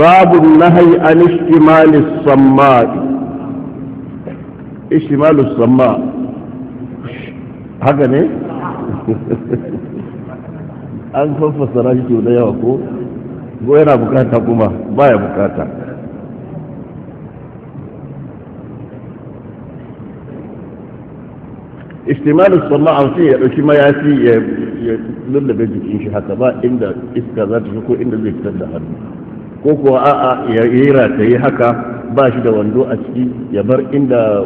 babu النهي عن اشتمال الصماء اشتمال الصماء haka ne? an fassara da yawa ko ko yana bukata kuma baya bukata istimalin sallah a wasu ya ɗauki mayafi ya lullube jikin shi haka ba inda iska za ta ko inda zai fitar da hannu ko kuwa a'a ya yi rataye haka ba shi da wando a ciki ya bar inda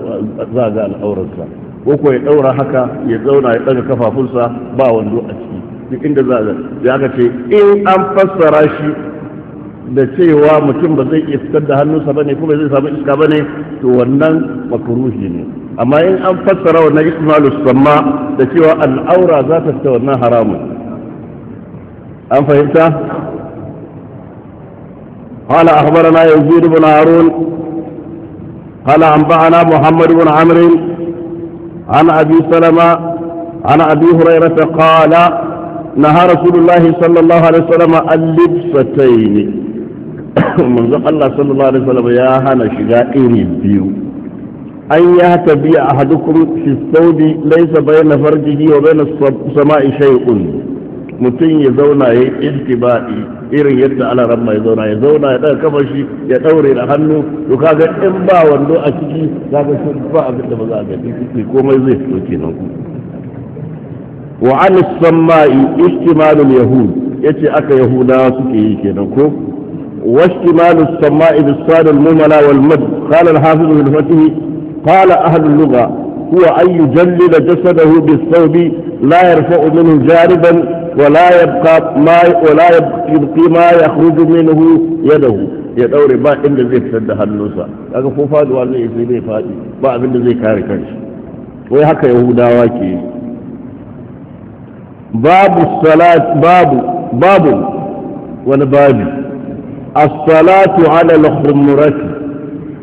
za ga al'aurarsa ko kuwa ya ɗaura haka ya zauna ya ɗaga kafafunsa ba wando a ciki duk inda za ga ya ce in an fassara shi da cewa mutum ba zai iya fitar da hannunsa ba ne kuma zai samu iska ba ne to wannan makaruhi ne amma in an fassara wannan ismalu samma da cewa al'aura za ta fita wannan haramun an fahimta قال أخبرنا يزيد بن هارون قال أنبأنا محمد بن عمرو عن أبي سلمة عن أبي هريرة قال نهى رسول الله صلى الله عليه وسلم اللبستين منذ الله صلى الله عليه وسلم يا هانا شجائين البيو أن يهتبي أحدكم في الثوب ليس بين فرجه وبين السماء شيء mutum ya zauna ya yi irin yadda alaran mai zauna ya zauna ya daga kafa shi ya ɗaure da hannu to kaga in ba wando a ciki kaga shi ba abin da ba za a gani ne komai zai fito kenan wa an samai ihtimalul yahud yace aka yahudawa suke yi kenan ko واشتمال السماء wal mad والمد قال الحافظ بن فتح قال أهل اللغة هو أن يجلل جسده بالثوب لا يرفع منه جاربا ولا يبقى ما ولا يبقى ما يخرج منه يده يا دور با عند زي تسد هالنوسا اكو فوفاد والله يزيد فادي ما عند زي كاركنش وي هكا يهودا واكي باب الصلاة باب باب ولا الصلاة على الخمرات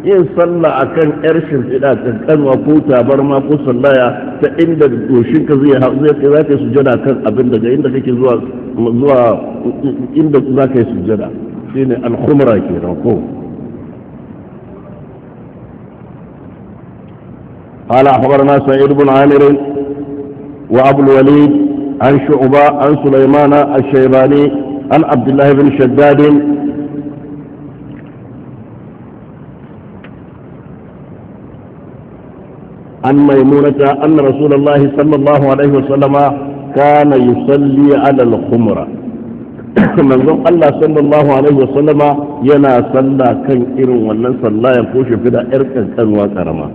yin sallah akan yar shimfiɗa kankanwa ko tabarma ko sallaya ta inda doshinka zai zai kai zaka yi sujada kan abin daga inda kake zuwa zuwa inda zaka yi sujada shine al-khumra kenan ko قال أخبرنا سعيد بن عامر وأبو الوليد an shuba an سليمان الشيباني عن an الله بن شداد عن ميمونة أن رسول الله صلى الله عليه وسلم كان يصلي على الخمرة من ذو الله صلى الله عليه وسلم ينا صلى irin wannan ولن صلى kushe fi da ƴar kankanwa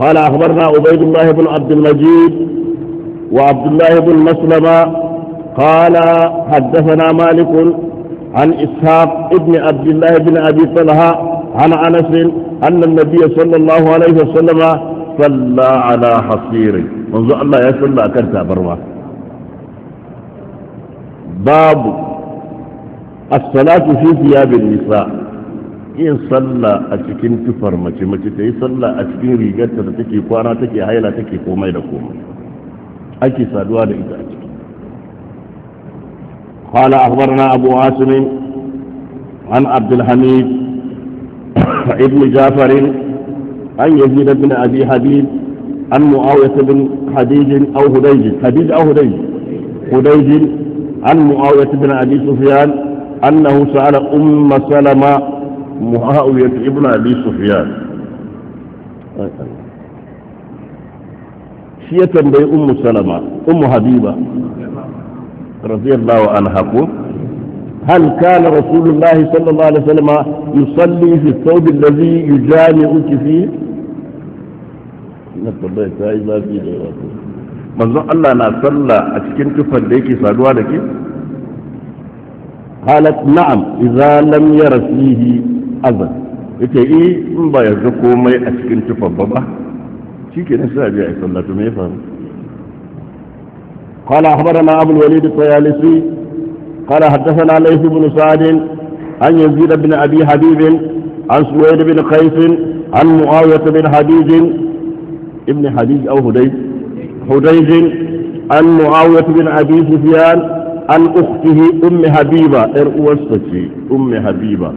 قال أخبرنا عبيد الله بن عبد المجيد وعبد الله بن مسلمة قال حدثنا مالك عن إسحاق ابن عبد الله بن أبي طلحة عن أنس أن النبي صلى الله عليه وسلم salla ala hasiri manzo Allah ya salla akan tabarma babu as-salatu fi thiyabil nisa yin salla a cikin tufar mace mace ta yi salla a cikin rigarta da take kwana take haila take komai da komai ake saduwa da ita a ciki قال أخبرنا أبو عاصم عن عبد الحميد ابن جعفر عن يزيد بن أبي حبيب عن معاوية بن حديد أو هديج حديد أو هديج هديج عن معاوية بن أبي سفيان أنه سأل أم سلمة معاوية ابن أبي سفيان شيء تنبي أم سلمى أم حبيبة رضي الله عنها ko هل كان رسول الله صلى الله عليه وسلم يصلي في الثوب الذي يجامعك فيه نفس الله يسعي ما في دعوات منظر الله صلى أتكين كفر ديك سادوا لك قالت نعم إذا لم ير فيه أذى إيه إن با ما أتكين كفر بابا شيك نسابي صلى الله عليه وسلم قال أخبرنا أبو الوليد الطيالسي قال حدثنا ليث بن سعد عن يزيد بن أبي حبيب عن سويد بن قيس عن معاوية بن حديد ابن حديد أو هديج حديج عن معاوية بن أبي سفيان عن أخته أم حبيبة إرؤوستي أم حبيبة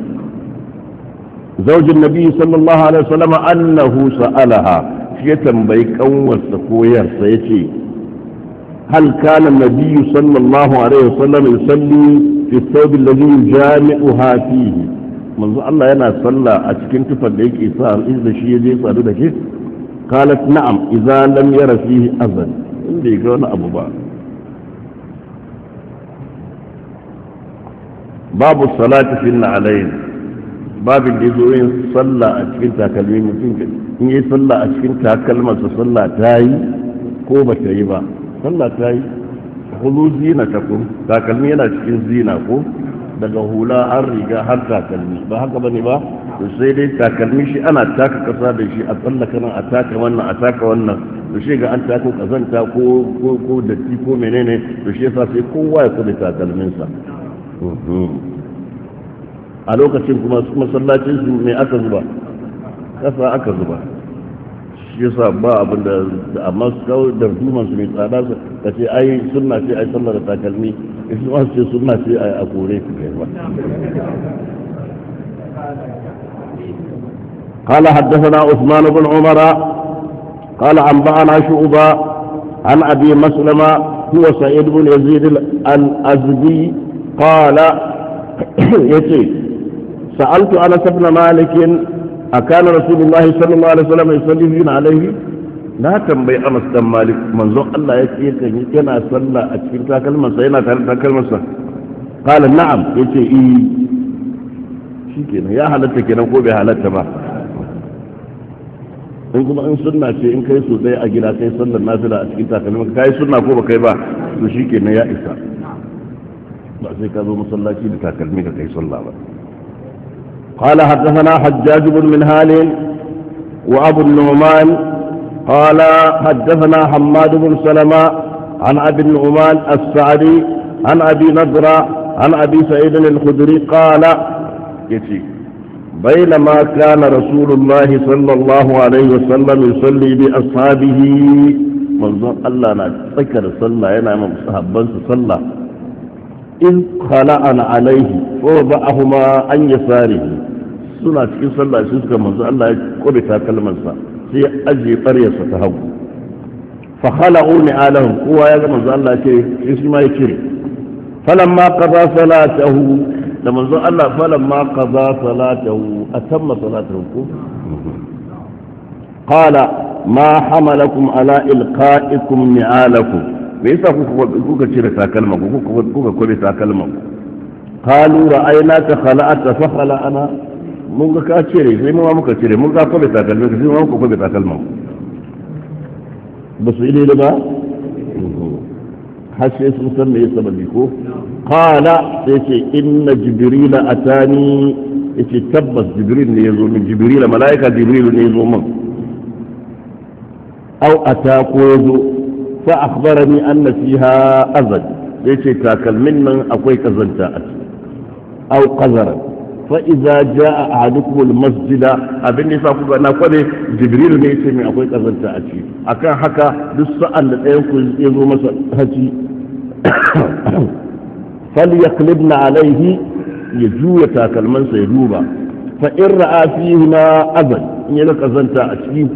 زوج النبي صلى الله عليه وسلم أنه سألها في تنبيك أول سيتي هل كان النبي صلى الله عليه وسلم يصلي في الثوب الذي يجامعها فيه منذ الله ينا صلى أتكن تفليك إسار إذا شيء يجيس أردك قالت نعم إذا لم ير فيه أذن اللي يقولون أبو بار باب الصلاة في النعلين باب الجزوين صلى أتكن تاكلمين ممكن إن يصلى أتكن تاكلمة صلى تاي كوبة تريبا sallah ta yi hulu zina ta kun takalmi yana cikin zina ko daga hula an riga har takalmi ba haka ne ba to sai dai takalmi shi ana taka kasa da shi a tsallaka nan a taka wannan a taka wannan to shi ga an taka kazanta ko ko ko datti ko menene to shi yasa sai kowa ya kula takalminsa mhm. a lokacin kuma masallacin su me aka zuba kasa aka zuba shi sa ba abin da amma su kawo da hukumar su mai tsada su ka ce ai sunna ce ai sallar takalmi su ma su ce sunna ce ai a kore su kai ba قال حدثنا عثمان بن عمر قال أنبأنا شعبة عن أبي مسلمة هو سعيد بن يزيد الأزدي قال يتي سألت أنس بن مالك a kana rasulullahi sallallahu alaihi wasallam salli fi alaihi na tambayi amas dan Malik manzon Allah ya ce kan yana sallah a cikin takalman sa yana tare da takalman sa qala na'am yace i shikenan ya halatta kenan ko bai halatta ba in kuma in sunna ce in kai sosai a gida kai sallar nafila a cikin takalman kai sunna ko ba kai ba to shikenan ya isa ba sai ka zo masallaci da takalmi ka kai sallah ba قال حدثنا حجاج بن منهال وأبو النعمان قال حدثنا حماد بن سلمة عن أبي النعمان السعدي عن أبي نضرة عن أبي سعيد الخدري قال بينما كان رسول الله صلى الله عليه وسلم يصلي بأصحابه منظر الله انا ذكر صلى ينام صحبا صلى in khala'ana alaihi wa ba'ahuma an sare, suna cikin sallah sai suka manzo Allah ya kobe takalman sa sai ya aje ƙaryar sa ta hagu fa khala'u ni alahum kowa ya ga manzo Allah ya ce shi ma ya kire falamma qada salatahu da manzo Allah falamma qada salatahu atamma salatahu ko qala ma hamalakum ala ilqa'ikum ni'alakum me yasa kuka cire takalman ku kuka kobe takalman ku qalu ra'ayna ka khala'ata fa khala'ana mun ga ka cire sai mu muka cire mun ga kwabe takalman sai mun muka kwabe takalman ba su ile da ba har sai sun san me yasa ba ko qala sai ce inna jibril atani yace tabbas jibril ne yazo min jibril malaika jibril ne yazo min au ata ko yazo فأخبرني أن فيها أذى ليش تاكل من أكوي كزنتا أو قذرا فإذا جاء أحدكم المسجد أبني فأقول أنا نقول جبريل ليس من أكوي كزنتا أتي أكان حكا لسا أن ينقل إذو مسجد هتي فليقلبن عليه يجوي تاكل من سيدوبا فإن رأى فيهما أذى إن يلقى زنتا أتي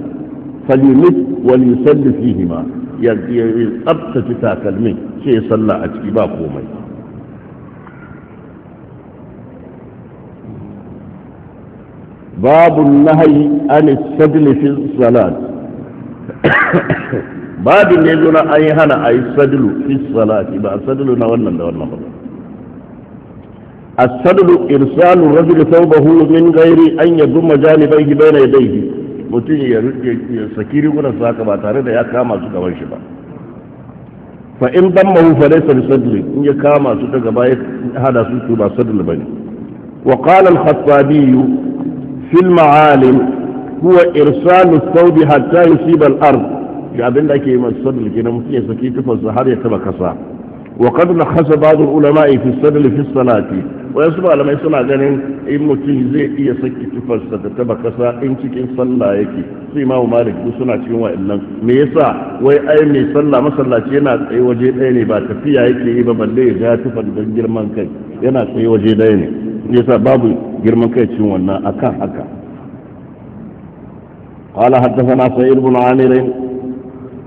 فليمت وليسل فيهما ya tsabtace takalmin ce ya sallah a ciki ba komai babu nahayi an sadli fi salat babin ne zo na an yi hana a yi sadlu fi salati ba a sadlu na wannan da wannan ba السدل إرسال الرجل ثوبه من غير أن يضم جانبيه بين يديه mutum ya saki rigunan su ba tare da ya kama su gaban shi ba fa in dan mahu fa laysa bi sadri in ya kama su daga baya hada su su ba sadri bane wa qala al-khattabi fi al-ma'alim huwa irsalu al thawb hatta yusiba al-ard ya abin ake yi masu sadri kenan mutum ya saki tufansa har ya taba kasa وقد نخص بعض العلماء في الصدل في الصلاة ويسمى malamai suna ganin in mutum zai iya saki tufarsa da taba kasa in cikin sallah yake su imamu malik duk suna cikin wa'annan me yasa wai ai mai sallah masallaci yana tsaye waje ɗaya ne ba tafiya yake yi ba balle ya ga tufar girman kai yana tsaye waje ɗaya ne yasa babu girman kai cikin wannan akan haka قال حدثنا سعيد بن عامر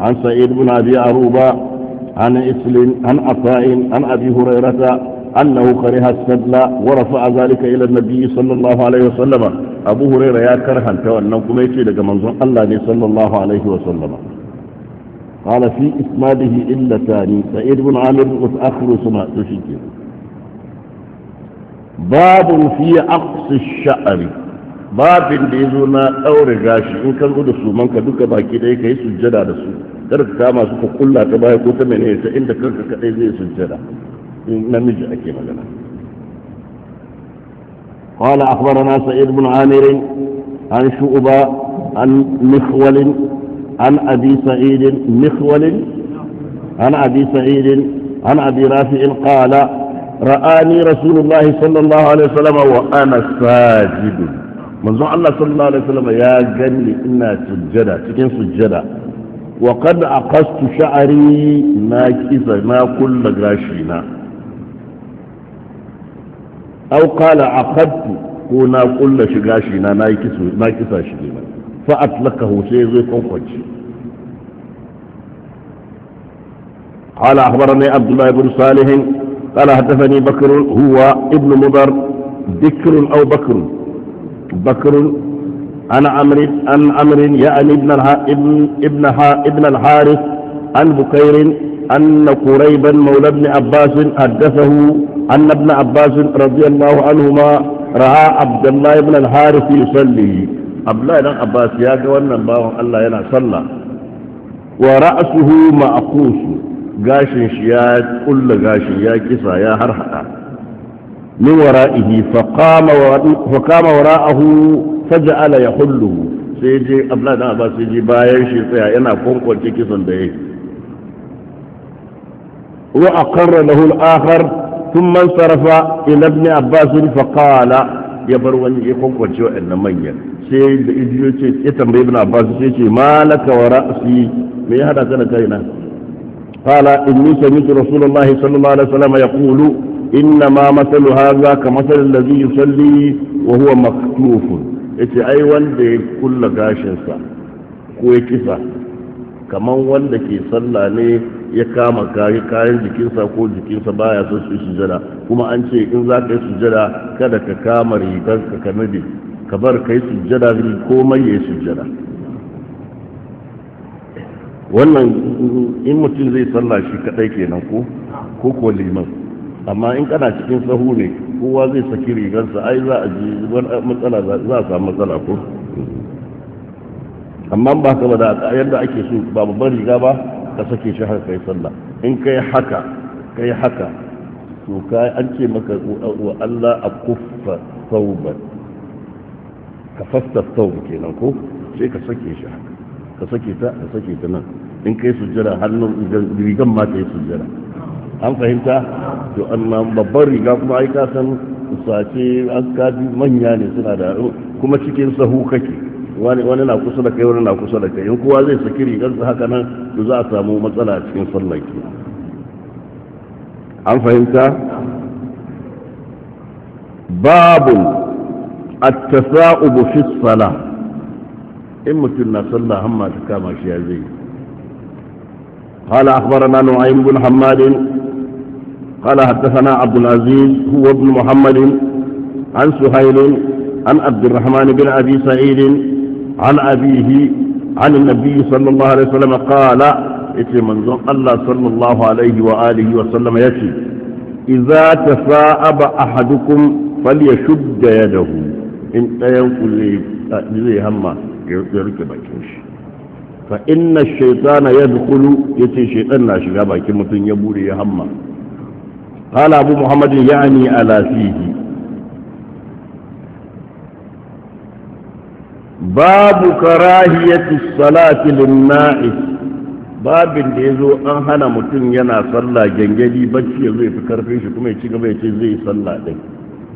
عن سعيد بن ابي عروبه عن إسل عن عطاء عن أبي هريرة أنه كره السدل ورفع ذلك إلى النبي صلى الله عليه وسلم أبو هريرة يا كرها وأنه كما يشير منظر الله صلى الله عليه وسلم قال في إسناده إلا ثاني سعيد بن عامر متأخر سمع تشكر باب في أقص الشعر باب بيزونا أورغاشي إن كان قد سومنك دوك باكي ديك يسجد على سومنك kar ka kama su kulla ta baya ko ta mene ta inda kanka kadai zai sujjada namiji ake magana قال أخبرنا سعيد بن عامر عن شؤبة عن مخول عن أبي سعيد مخول عن أبي سعيد عن أبي رافع قال رآني رسول الله صلى الله عليه وسلم وأنا ساجد manzon Allah sallallahu alaihi wasallam ya gani ina sujjada cikin sujjada وقد أقصت شعري ما كيف ما كل غاشينا أو قال عقدت كنا كل شغاشينا ما كيف ما كيف شغينا فأطلقه سيغي فوقج قال أخبرني عبد الله بن صالح قال هدفني بكر هو ابن مضر ذكر أو بكر بكر عن عمرو عن عمرو يعني ابن الها ابن ابن, ابن الحارث عن بكير أن قريبا مولى ابن عباس حدثه أن ابن عباس رضي الله عنهما رأى عبد الله بن الحارث يصلي عبد الله بن عباس يا جوانا الله الله ينا صلى ورأسه معقوس قاش shi كل قاش يا كسا يا ya من ورائه فقام fa faja'ala ya hullu sai je abla da abbas sai je bayan shi tsaya yana kwankwance kisan da yake wa aqarra lahu al-akhar thumma sarafa ila ibn abbas fa qala ya bar wani ya kwankwance wa'annan manyan sai da idiyo ce ya tambayi ibn abbas sai ce malaka wa ra'si me ya hada kana kaina qala inni sami'tu رسول sallallahu alaihi wasallam yaqulu وسلم إنما مثل هذا كمثل الذي يصلي وهو مكتوف ce ai wanda ya kulla gashinsa ko ya kisa kamar wanda ke sallah ne ya kama kayan jikinsa ko jikinsa baya son su sujada kuma an ce in za ka yi sujada kada ka kama rigar ka kamar ka bar ka yi sujada komai ya yi sujada wannan in mutum zai sallah shi kadai kenan ko ko liman amma in kana cikin sahu ne kowa zai saki rigarsa ai za a ji matsala za a samu matsala ko amma ba ka ba da yadda ake so ba babban riga ba ka sake shi har kai sallah in kai haka kai haka to kai an ce maka wa Allah a kuffa sauban ka fasta saubu kenan ko sai ka sake shi haka ka sake ta ka sake ta nan in kai sujjara hannun rigan ma ta yi sujjara an fahimta to amma babban riga kuma ai ka san sace kaji manya ne suna da kuma cikin sahu kake wani wani na kusa da kai wani na kusa da kai in kowa zai saki rigar sa haka nan to za a samu matsala a cikin sallar ki an fahimta babu at-tasa'ubu fi salah in mutum na sallah hamma ta kama shi ya zai قال أخبرنا نعيم بن حماد قال حدثنا عبد العزيز هو ابن محمد عن سهيل عن عبد الرحمن بن أبي سعيد عن أبيه عن النبي صلى الله عليه وسلم قال إتي منظر الله صلى الله عليه وآله وسلم يتي إذا تثاءب أحدكم فليشد يده إن ينقل زي هما يركب فإن الشيطان يدخل يتي شيطان ناشي غابا كمتن يبوري هما قال أبو محمد يعني على فيه باب كراهية الصلاة للنائس babin da ya zo an hana mutum yana sallah gangadi bacci ya zai fi karfin shi kuma ya ci gaba ya ce zai yi sallah ɗin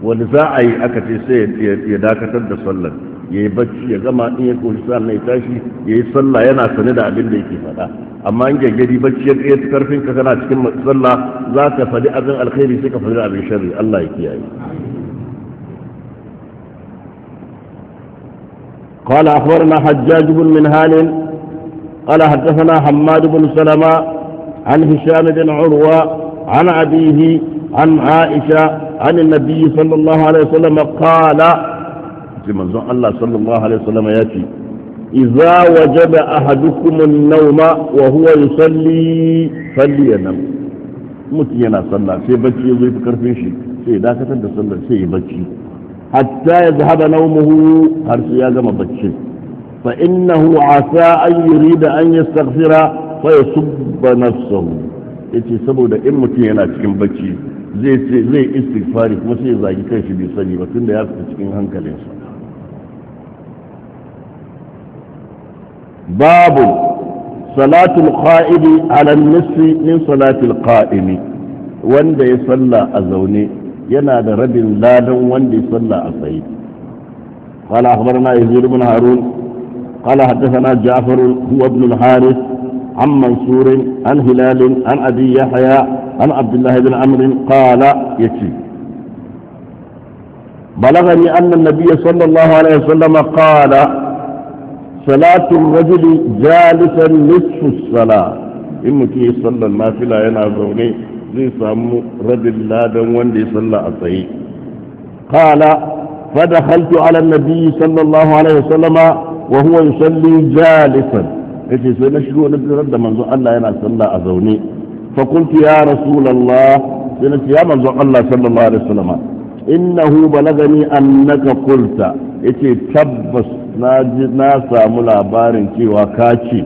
wani za a yi aka ce sai ya dakatar da sallar ya yi bacci ya gama in ya koshi sa ya tashi ya yi sallah yana sane da abin da yake faɗa amma in gaggari bacci ya tsaye karfin ka kana cikin sallah za ka faɗi abin alkhairi sai ka faɗi abin sharri Allah ya kiyaye قال أخبرنا حجاج بن منهال قال حدثنا حماد بن سلمة عن هشام بن عروة عن أبيه عن عائشة عن النبي صلى الله عليه وسلم قال manzon Allah sallallahu alaihi wasallam ya ce idza wajada ahadukum an-nawma wa huwa yusalli falyanam mutum yana sallah sai bacci ya fi karfin shi sai dakatar da sallar sai ya bacci hatta ya zahaba naumuhu har sai ya gama bacci fa innahu asa an yurida an yastaghfira fa yasubba nafsahu yace saboda in mutum yana cikin bacci zai zai istighfari kuma sai ya zagi kanshi bai sani ba tunda ya fita cikin hankalinsa باب صلاة القائد على النصف من صلاة القائم wanda يصلى salla ينادى رب yana da يصلى ladan قال أخبرنا يزيد بن هارون قال حدثنا جعفر هو ابن الحارث عن منصور عن هلال عن أبي يحيى عن عبد الله بن عمر قال يكفي بلغني أن النبي صلى الله عليه وسلم قال صلاة الرجل جالسا نصف الصلاة إن متي صلى النافلة ينا زوني زي سامو رد الله دم وندي صلى أصحي قال فدخلت على النبي صلى الله عليه وسلم وهو يصلي جالسا إذا سنشكو نبي رد زوء الله ينا صلى أزوني فقلت يا رسول الله سنتي يا زوء الله صلى الله عليه وسلم إنه بلغني أنك قلت إذا تبس na samu labarin cewa ka ce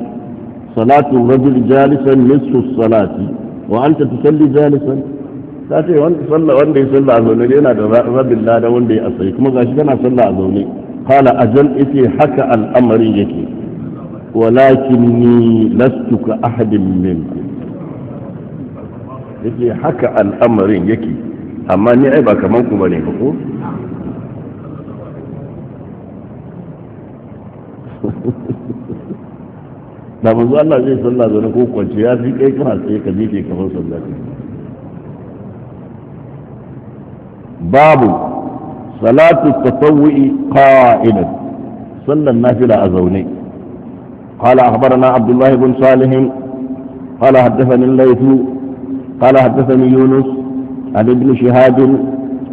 salatu rajul jalisan nisfu salati wa anta tusalli jalisan ta ce wanda salla wanda ya salla a zaune yana da rabin lada wanda ya asai kuma gashi kana salla a zaune qala ajal ite haka al'amarin yake walakinni lastu ka ahadin min yake haka al'amarin yake amma ni ai ba kaman ku bane ba ko da manzo Allah zai sallah zaune ko kwance ya fi kai kana sai ka je ka bar sallah babu salatu tatawwi qa'idan sallan nafila a zaune قال أخبرنا عبد الله بن صالح قال حدثني الليث قال حدثني يونس عن ابن شهاب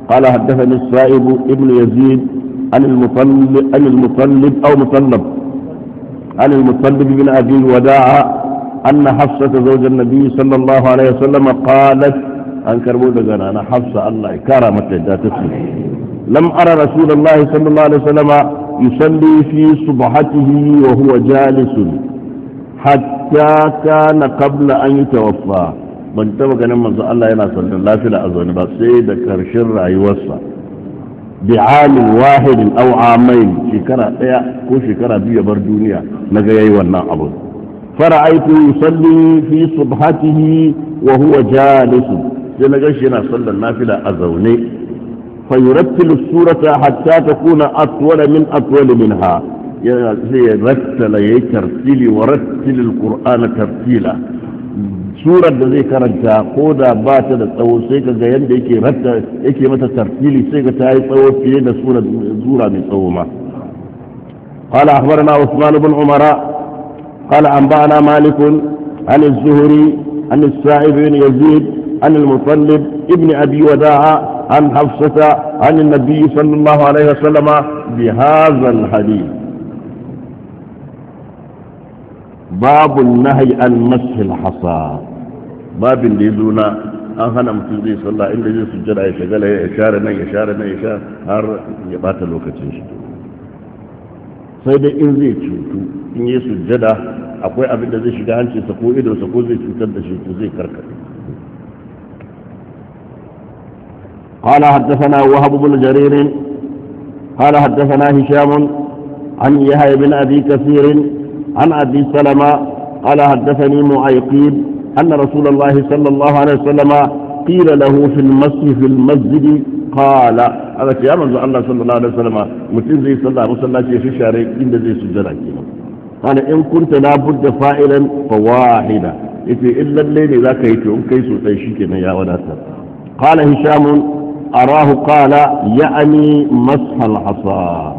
قال حدثني السائب ابن يزيد عن المطلب, عن المطلب أو مطلب عن المطلب بن أبي الوداع أن حفصة زوج النبي صلى الله عليه وسلم قالت أن كربو دقنا أنا حفصة الله كرمت لا تسلم لم أرى رسول الله صلى الله عليه وسلم يصلي في صبحته وهو جالس حتى كان قبل أن يتوفى من taba ganin الله Allah الله sallar lafiya a zaune ba sai da karshen rayuwarsa بعام واحد أو عامين شكرا كو شكرا بي بر دنيا نغيي أيوة ونا أبو فرأيت يصلي في صبحته وهو جالس سنغشنا صلى النافلة أزوني فيرتل السورة حتى تكون أطول من أطول منها يا يرتل يترتل ورتل القرآن ترتيلا surar da zai karanta ko da ba ta da tsawo sai ka ga yadda yake mata tartili sai ka ta yi tsawo fiye da surar zura mai tsawo ma قال أخبرنا عثمان بن عمر قال أنبأنا مالك عن الزهري عن السائب بن يزيد عن المطلب ابن أبي وداع عن حفصة عن النبي صلى الله عليه وسلم بهذا الحديث babu nahi an mashil hasa babin da ya zo na an hana mutum zai salla inda zai sujjada ya shagala ya share nan ya share nan ya sha har ya bata lokacin shi sai dai in zai cutu in yi sujjada akwai abin da zai shiga sa ko sa ko zai cutar da shi zai karkata قال حدثنا وهب بن جرير قال حدثنا هشام عن يحيى بن ابي كثير عن أبي سلمة قال حدثني معيقين أن رسول الله صلى الله عليه وسلم قيل له في المسجد في المسجد قال هذا يا من الله صلى الله عليه وسلم متين زي صلى الله عليه وسلم في شارع إن زي سجل قال إن كنت لابد فائلا فواحدا إذا إلا الليل ذاك أم كيس تيشيك يا وناسا قال هشام أراه قال يعني مسح العصا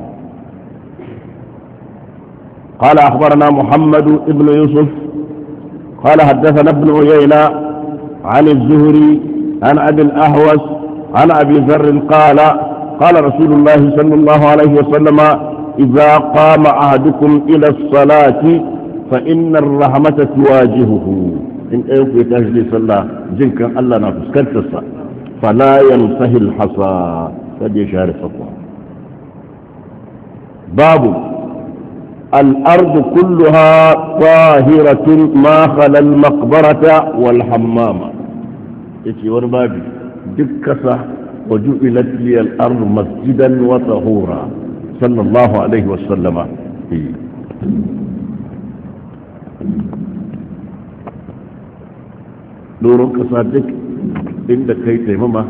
قال أخبرنا محمد بن يوسف قال حدثنا ابن عيينة عن الزهري عن أبي الأهوس عن أبي ذر قال قال رسول الله صلى الله عليه وسلم إذا قام أحدكم إلى الصلاة فإن الرحمة تواجهه إن أيوكي تهجلي صلى جنكا ألا نفس كالتصى فلا يمسه الحصى فدي شارف الله باب الأرض كلها طاهرة ما خلا المقبرة والحمامة يتي وربابي دكسة وجعلت لي الأرض مسجدا وطهورا صلى الله عليه وسلم doron إيه. صادق إن كي تيمما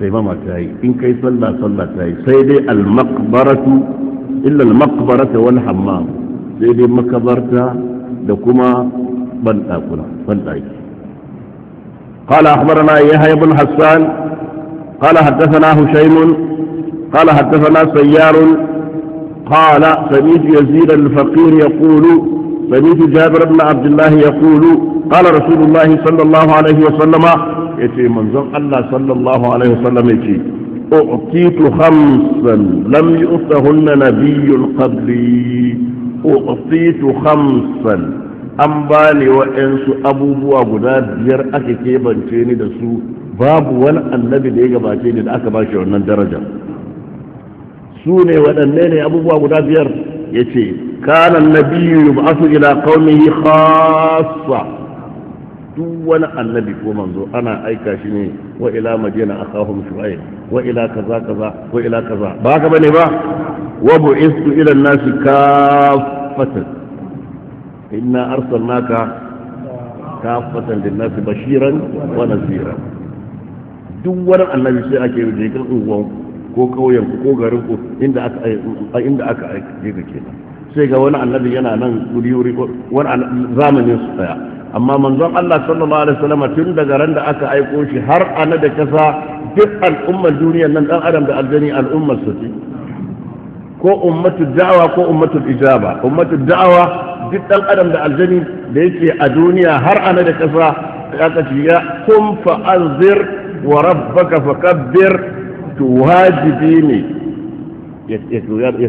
تيمما تاي إن كي صلى صلى تاي سيدي المقبرة إلا المقبرة والحمام سيدي hammam sai dai بل da بل bandakuna قال أخبرنا يا بن حسان قال حدثنا هشيم قال حدثنا سيار قال سميت يزيد الفقير يقول سميت جابر بن عبد الله يقول قال رسول الله صلى الله عليه وسلم يتي منزل الله صلى الله عليه وسلم يتي أعطيت خمسا لم يؤتهن نبي قبلي أعطيت خمسا أم بالي وإنس أبو بو أبو داد جر أكي كيبا تيني دسو باب ون النبي ديجا با تيني دا أكبا شعرنا الدرجة سوني ون النيني أبو بو أبو داد جر كان النبي يبعث إلى قومه خاصة duk wani annabi ko manzo ana aika shi ne wa ila madina akahum shu'aib wa ila kaza kaza wa ila kaza ba haka bane ba wa bu'istu ila an-nasi kaffatan inna arsalnaka kaffatan lin nas bashiran wa nadhira duk wani annabi sai ake yi jikin unguwan ko kauyen ko garin ko inda aka inda aka aika kenan sai ga wani annabi yana nan wuri wuri wani zamanin su tsaya. amma manzon Allah sallallahu alaihi wasallam tun daga ran da aka aiko shi har ana da kasa duk al'ummar duniyar nan dan adam da aljani al'ummar su ce ko ummatu da'awa ko ummatu ijaba ummatu da'awa duk dan adam da aljani da yake a duniya har ana da kasa aka ce ya kun fa anzir wa rabbaka fakabbir to wajibi ne ya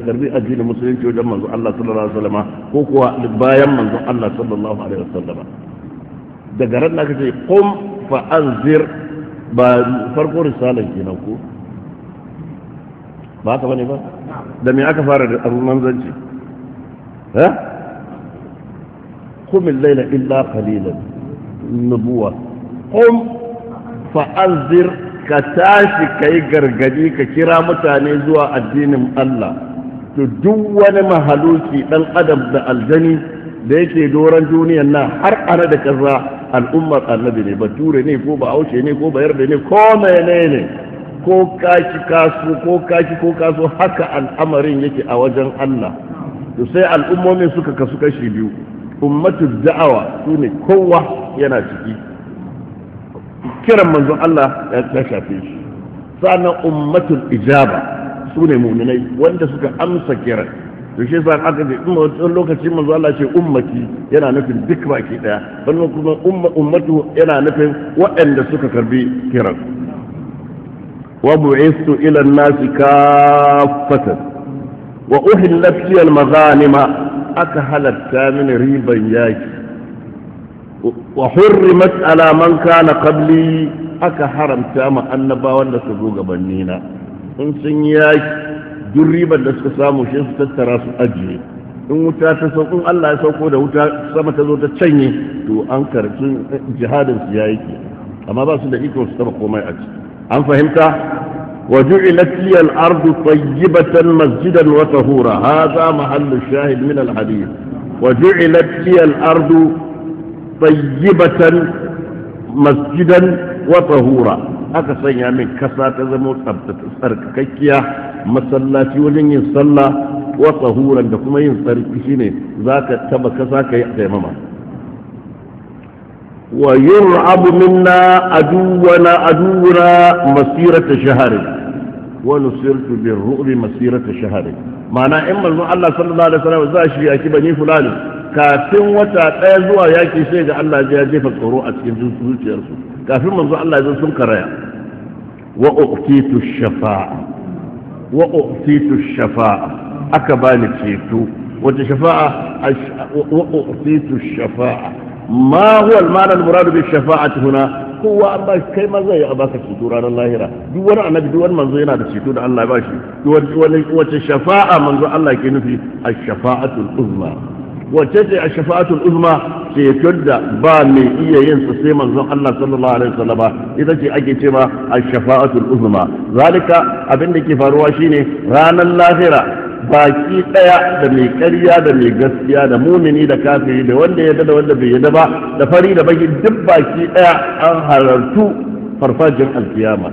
karbi addinin musulunci wajen manzo Allah sallallahu alaihi wasallam ko kuwa bayan manzo Allah sallallahu alaihi wasallam daga ran aka ce qum fa anzir ba farko risalar kenan ko ba haka bane ba da me aka fara da abu manzanci ha qum al-layla illa qalilan nubuwa qum fa anzir ka tashi kai gargadi ka kira mutane zuwa addinin Allah to duk wani mahaluki dan adam da aljani da yake doron duniyan nan har ana da kaza al'ummar annabi ne bature ne ko ba aushe ne ko bayar da ne ko mene ne ko kaki kaso ko kaki ko kaso haka al'amarin yake a wajen Allah to sai al'ummomi suka kasu kashi biyu ummatu da'awa su ne kowa yana ciki kiran manzon Allah ya shafe shi sannan ummatul ijaba sune ne muminai wanda suka amsa kiran to shi sa aka ce wani lokaci manzo Allah ce ummati yana nufin duk baki daya wannan kuma umma ummatu yana nufin waɗanda suka karbi kiran wa bu'istu ila an-nasi kaffatan wa uhillat li al-maghanima aka halatta mini riban yaki wa hurrimat ala man kana qabli aka haramta ma annabawan da su zo gabannina in sun yaki duk ribar da suka samu shi su tattara su ajiye in wuta ta sauko Allah ya sauko da wuta sama ta zo ta canye to an karci jihadin su yayi ke amma ba su da iko su taba komai a ciki an fahimta wa ju'ilat liyal ardu tayyibatan masjidan wa tahura hadha mahallu shahid min al hadith wa ju'ilat liyal ardu tayyibatan masjidan wa tahura aka sanya min kasa ta zama tsarkakakkiya masallaci wajen yin sallah wa tsahuran da kuma yin tsarki shine za ka taba kasa ka yi taimama wa yur'abu minna aduwana adura masirata shahari wa nusirtu ru'bi masirata shahari ma'ana in manzo Allah sallallahu alaihi wasallam za shi yaki bani fulani kafin wata daya zuwa yaki sai ga Allah ya jefa tsoro a cikin zuciyarsu kafin manzo Allah zai sun karaya wa uqtitu shafa'a wa uqtitu shafa'a aka bani ceto wata shafa'a wa uqtitu shafa'a ma huwa al-ma'na al-murad bi shafa'ati huna kowa an ba kai ma zai ba ka ceto ranar lahira duk wani annabi duk wani manzo yana da ceto da Allah ya bashi wata shafa'a manzo Allah ke nufi ash-shafa'atul uzma Wace ce a shafa'atul uzma ceton da ba mai iya yin su sai manzon Allah sallallahu alaihi wasallama ita ce ake cewa a shafa'atul uzma zalika abin da ke faruwa shine ranar lahira baki ɗaya da mai ƙarya da mai gaskiya da mumini da kafiri da wanda ya da bai yadda ba da fari da baki duk baki ɗaya an halartu farfajin alkiyama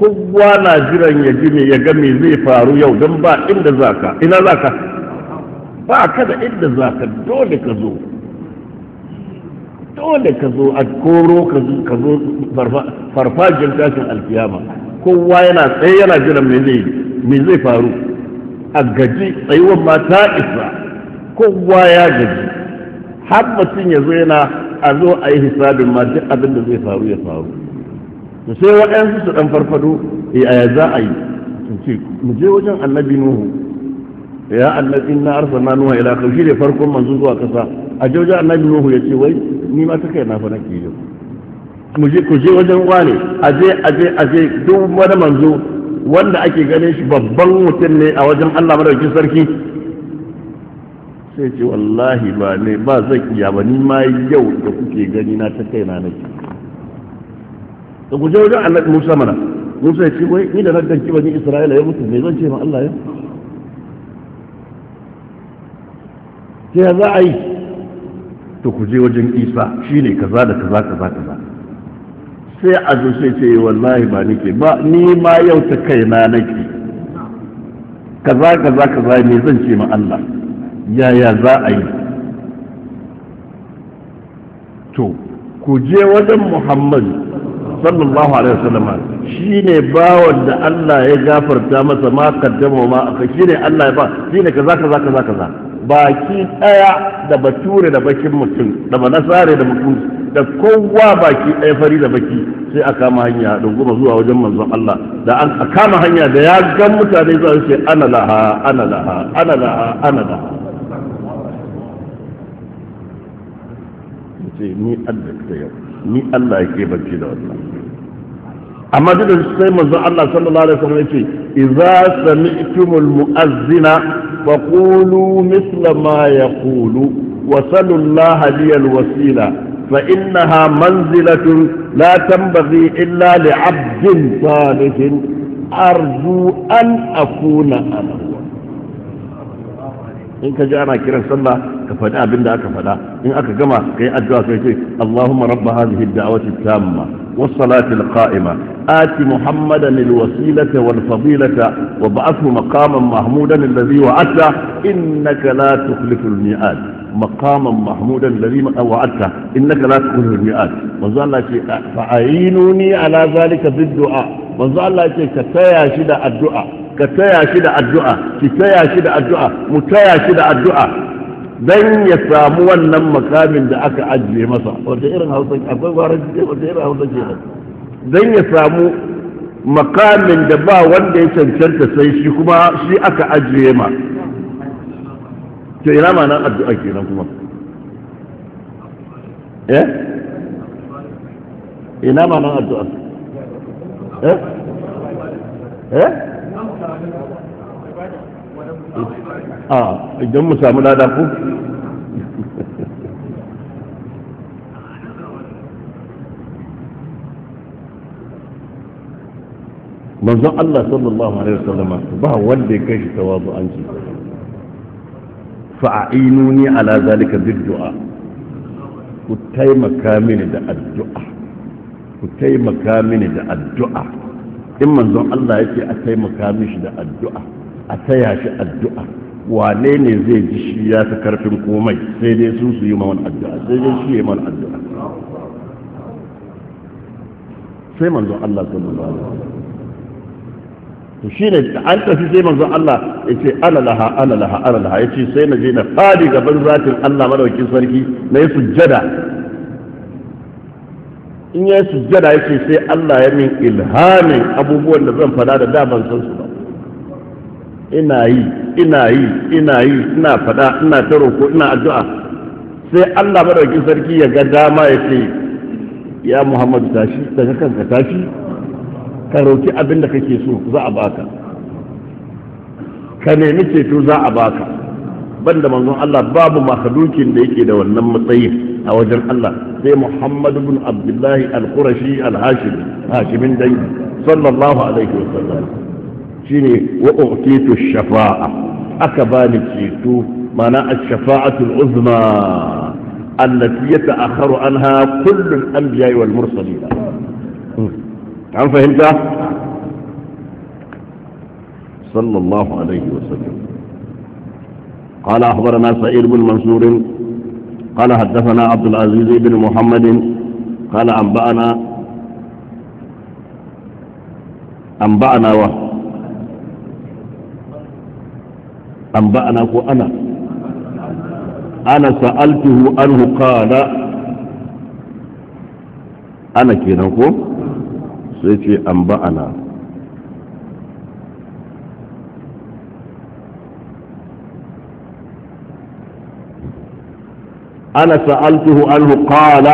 kowa na jiran ya ji me ya ga me zai faru yau don ba inda zaka ina zaka ba ka da inda za ka dole ka zo dole ka zo a koro ka zo farfajin tashin alkiyama kowa yana tsaye yana jiran me zai faru a gaji tsayuwar ma ta isa kowa ya gaji har mutum ya zo yana a zo a yi hisabin ma duk abin da zai faru ya faru sai waɗansu su ɗan farfado eh, ya za a yi mu je wajen annabi nuhu ya annabi inna arsalna nuha ila kaushi da farkon manzo zuwa kasa a jauja annabi nuhu ya ce wai ni ma ta kai na fa nake yau mu je ku je wajen wane aje aje aje duk wani manzo wanda ake ganin shi babban mutum ne a wajen Allah madaukakin sarki sai ce wallahi ba ne ba zan iya ba ni ma yau da kuke gani na ta kai na nake da ku je wajen annabi Musa mana Musa ya ce wai ni da nan danki bani Isra'ila ya mutu me zan ce ma Allah ya sai za a yi to ku je wajen isa shi ne kaza da kaza kaza kaza sai a zo sai ce wallahi ba nake ba ni ma yau ta kaina nake kaza kaza kaza ne zan ce ma Allah yaya za a yi to ku je wajen Muhammad sallallahu alaihi wasallam shine bawan da Allah ya gafarta masa ma kaddama ma aka shine Allah ya ba shine kaza kaza kaza kaza baki ɗaya da bature da bakin mutum da manasare da mutum da kowa baki ɗaya fari da baki sai a kama hanya da goma zuwa wajen manzon Allah da an kama hanya da ya gan mutane zuwa su ce ana laha ana laha ana laha ana laha ni Allah ke yau ni Allah bacci da wannan amma duk da sai manzon Allah sallallahu alaihi wasallam yace idza sami'tumul mu'azzina faqulu mithla ma yaqulu wa sallallahu liyal wasila fa innaha manzilatun la tanbaghi illa li'abdin salihin arju an akuna ana in ka ji ana kiran sallah ka faɗi abin da aka faɗa in aka gama ka yi addu'a kai ce Allahumma rabba hadhihi ad-da'wati tamma was-salati al-qa'ima ati Muhammadan al-wasilata wal-fadilata wa ba'athu maqaman mahmudan alladhi wa'ata innaka la tukhlifu al-mi'ad maqaman mahmudan alladhi wa'ata innaka la tukhlifu al-mi'ad manzo Allah ce fa'ayinuni ala zalika bid-du'a manzo Allah ce ka taya shi da addu'a ka taya shi da addu'a ki taya shi da addu'a mu taya shi da addu'a don ya samu wannan makamin da aka ajiye masa wata irin hausa akwai gwaran ce wata irin hausa ce don ya samu makamin da ba wanda ya cancanta sai shi kuma shi aka ajiye ma ke ina ma nan addu'a kenan kuma eh ina ma nan addu'a eh eh a ah, idan mu samu lada ku manzon Allah sallallahu alaihi wasallam ba wanda ya kai shi tawazu an ci fa'inuni ala zalika biddu'a ku taimaka mini da addu'a ku taimaka mini da addu'a in manzon Allah yake a taimaka mishi da addu'a a taya shi addu'a wane ne zai ji shi ya fi karfin komai sai dai sun su yi mawan addu'a sai dai shi yi mawan addu'a sai manzon Allah sallallahu alaihi wasallam to shine an tafi sai manzon Allah ya ce ana laha ana laha ana laha ya ce sai na je na fadi gaban zatin Allah madaukin sarki na yi sujjada in ya yi sujjada ya ce sai Allah ya min ilhamin abubuwan da zan fada da daban san su ina yi ina yi ina yi ina fada ina ta roko ina addu'a sai Allah madaukin sarki ya ga dama ya ce ya Muhammadu tashi daga kanka tashi ka roki abin da kake so za a baka ka nemi ceto za a baka banda manzon Allah babu mahadukin da yake da wannan matsayi a wajen Allah sai Muhammad bin Abdullahi al-Qurashi al-Hashimi hashimin dangi sallallahu alaihi wasallam شيني وأعطيت الشفاعة أكبان الشيطو مناء الشفاعة العظمى التي يتأخر عنها كل الأنبياء والمرسلين عم فهمتها صلى الله عليه وسلم قال أخبرنا سئل بن منصور قال حدثنا عبد العزيز بن محمد قال أنبأنا أنبأنا وحب أنبأنا هو أنا أنا سألته أنه قال أنا كينا كو سيتي أنبأنا أنا سألته أنه قال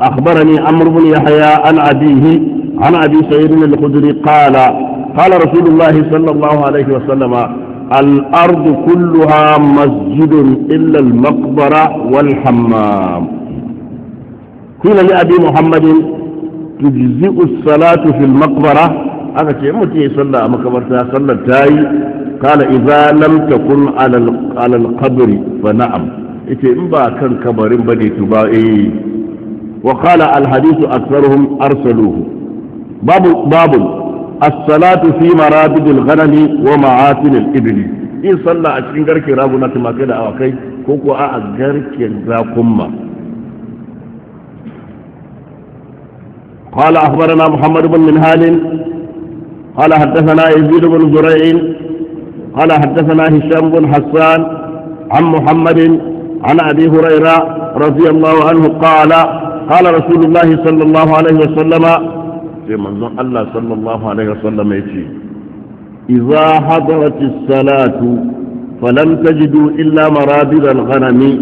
أخبرني عمرو بن يحيى عن أبيه عن أبي سعيد الخدري قال قال رسول الله صلى الله عليه وسلم الأرض كلها مسجد إلا المقبرة والحمام قيل لأبي محمد تجزئ الصلاة في المقبرة هذا شيء متي صلى مقبره صلى تاي قال إذا لم تكن على على القبر فنعم إتي إنبا كان كبر بدي تبائي وقال الحديث أكثرهم أرسلوه باب باب الصلاة في مرابد الغنم ومعاتن الإبل إن صلى أشين غركي رابنا كما كده أوكي كوكو كذا راقمة قال أخبرنا محمد بن منهال قال حدثنا يزيد بن زريع قال حدثنا هشام بن حسان عن محمد عن أبي هريرة رضي الله عنه قال قال رسول الله صلى الله عليه وسلم sai manzon Allah sallallahu alaihi wasallam ya ce idza hadaratis salatu falam tajidu illa marabid al-ghanami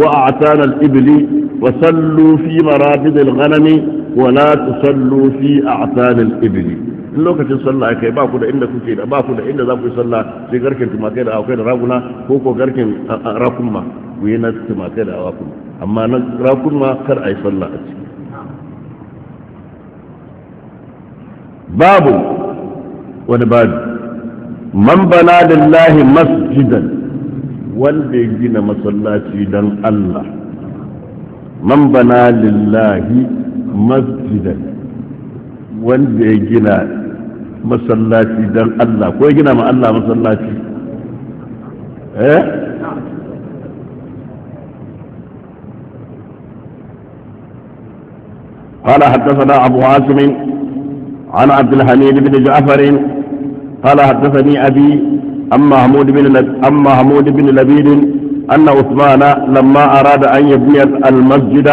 wa a'tana al-ibli wa sallu fi marabid al-ghanami wa la tusallu fi a'tana al-ibli in lokacin sallah kai ba ku da inda kuke da ba ku da inda za ku yi sallah sai garken tumakai da akwai da raguna ko ko garken rakunma ku yi na tumakai da awakunma amma na rakunma kar a yi sallah a ciki babu wani babu man bana lillahi masjidan wanda ya gina masallaci don Allah man bana lillahi masjidan wanda ya gina masallaci don Allah ko ya gina ma Allah masallaci eh قال حدثنا أبو عاصم عن عبد الحميد بن جعفر قال حدثني أبي أما محمود بن أما محمود بن لبيد أن عثمان لما أراد أن يبني المسجد